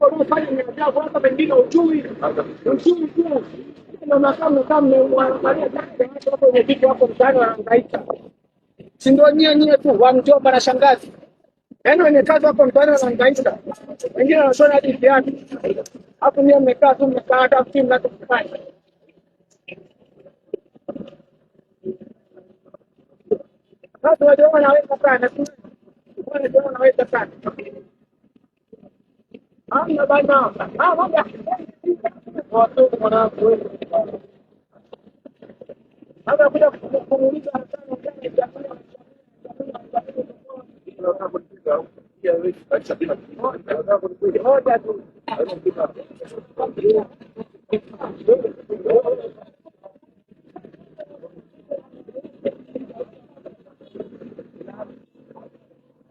wanaofanya ni ajabu, hata pengine uchumi uchumi tu unakaa si ndio? Nyie nyie tu wa mjomba na shangazi, yaani wenye kazi wako mtaani wanahangaika, wengine wanashona hadi viatu, hapo nyie mmekaa tu mmekaa hata kitu mnachokifanya watu wajaona wanaweza sana, watu wajaona sana Anna Dana, ah, vaya. Watu wanakuwa hata kuja kumuuliza hoja tu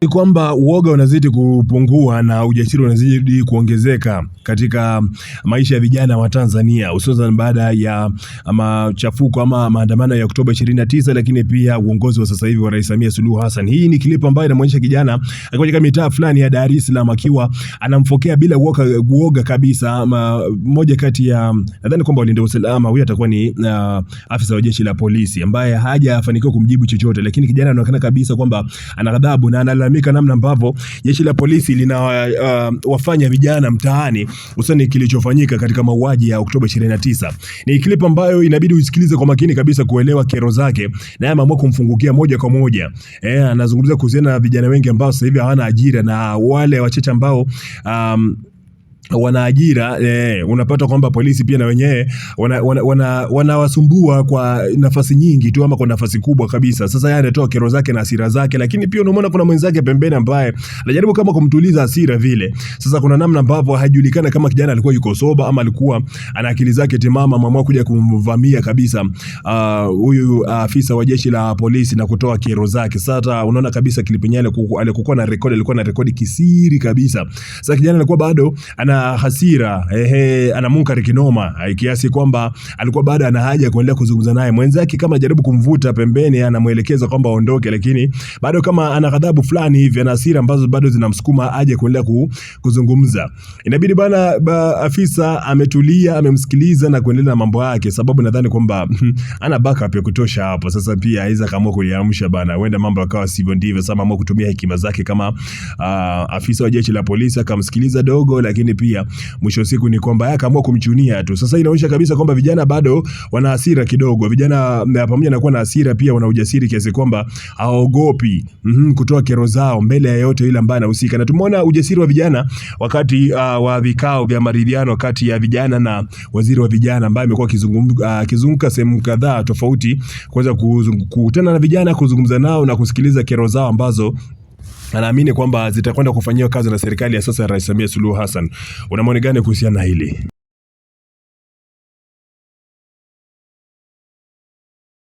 Ni kwamba uoga unazidi kupungua na ujasiri unazidi kuongezeka katika maisha ya vijana wa Tanzania hususan baada ya machafuko ama maandamano ya Oktoba 29, lakini pia uongozi wa sasa hivi wa Rais Samia Suluhu Hassan. Hii ni klipu ambayo inaonyesha kijana akiwa katika mitaa fulani ya Dar es Salaam akiwa anamfokea bila uoga, uoga kabisa ama moja kati ya nadhani kwamba walinda usalama huyu atakuwa ni uh, afisa wa jeshi la polisi ambaye hajafanikiwa kumjibu chochote, lakini kijana anaonekana kabisa kwamba ana ghadhabu na ana wanalalamika namna ambavyo jeshi la polisi linawafanya uh, vijana mtaani, hususani kilichofanyika katika mauaji ya Oktoba 29. Ni clip ambayo inabidi usikilize kwa makini kabisa kuelewa kero zake, na ameamua kumfungukia moja kwa moja. Eh, anazungumza kuhusiana na vijana wengi ambao sasa hivi hawana ajira na wale wachache ambao um, wana ajira eh, unapata kwamba polisi pia na wenyewe wanawasumbua wana, wana wana kwa nafasi nyingi tu ama kwa nafasi kubwa kabisa. Sasa yeye anatoa kero zake na hasira zake, lakini pia unaona kuna mwenzake pembeni ambaye anajaribu kama kumtuliza hasira vile. Sasa kuna namna ambapo hajulikana kama kijana alikuwa yuko soba ama alikuwa ana akili zake timamu, ameamua kuja kumvamia kabisa uh, huyu uh, afisa uh, wa jeshi la polisi na kutoa kero zake. Sasa unaona kabisa klipu alikuwa na rekodi, alikuwa na rekodi kisiri kabisa. Sasa kijana alikuwa bado ana ana hasira ehe, ana munkari kinoma, kiasi kwamba alikuwa baada ana haja kuendelea kuzungumza naye. Mwenzake kama anajaribu kumvuta pembeni, anamuelekeza kwamba aondoke, lakini bado kama ana ghadhabu fulani hivi, ana hasira ambazo bado zinamsukuma aje kuendelea kuzungumza. Inabidi bana ba, afisa ametulia, amemsikiliza na kuendelea na mambo yake, sababu nadhani kwamba hmm, ana backup ya kutosha hapo. Sasa pia aweza kaamua kuliamsha bana, huenda mambo yakawa sivyo ndivyo. Sasa ameamua kutumia hekima zake kama uh, afisa wa jeshi la polisi akamsikiliza dogo, lakini pia pia mwisho wa siku ni kwamba yeye akaamua kumchunia tu. Sasa inaonyesha kabisa kwamba vijana bado wana hasira kidogo. Vijana eh, pamoja na kuwa na hasira, pia wana ujasiri kiasi kwamba haogopi mm -hmm, kutoa kero zao mbele ya yote yule ambaye anahusika, na tumeona ujasiri wa vijana wakati uh, wa vikao vya maridhiano kati ya vijana na waziri wa vijana ambaye amekuwa ah, akizunguka uh, sehemu kadhaa tofauti kuweza kukutana na vijana, kuzungumza nao na kusikiliza kero zao ambazo anaamini kwamba zitakwenda kufanyiwa kazi na serikali ya sasa ya Rais Samia Suluhu Hassan. Una maoni gani kuhusiana na hili?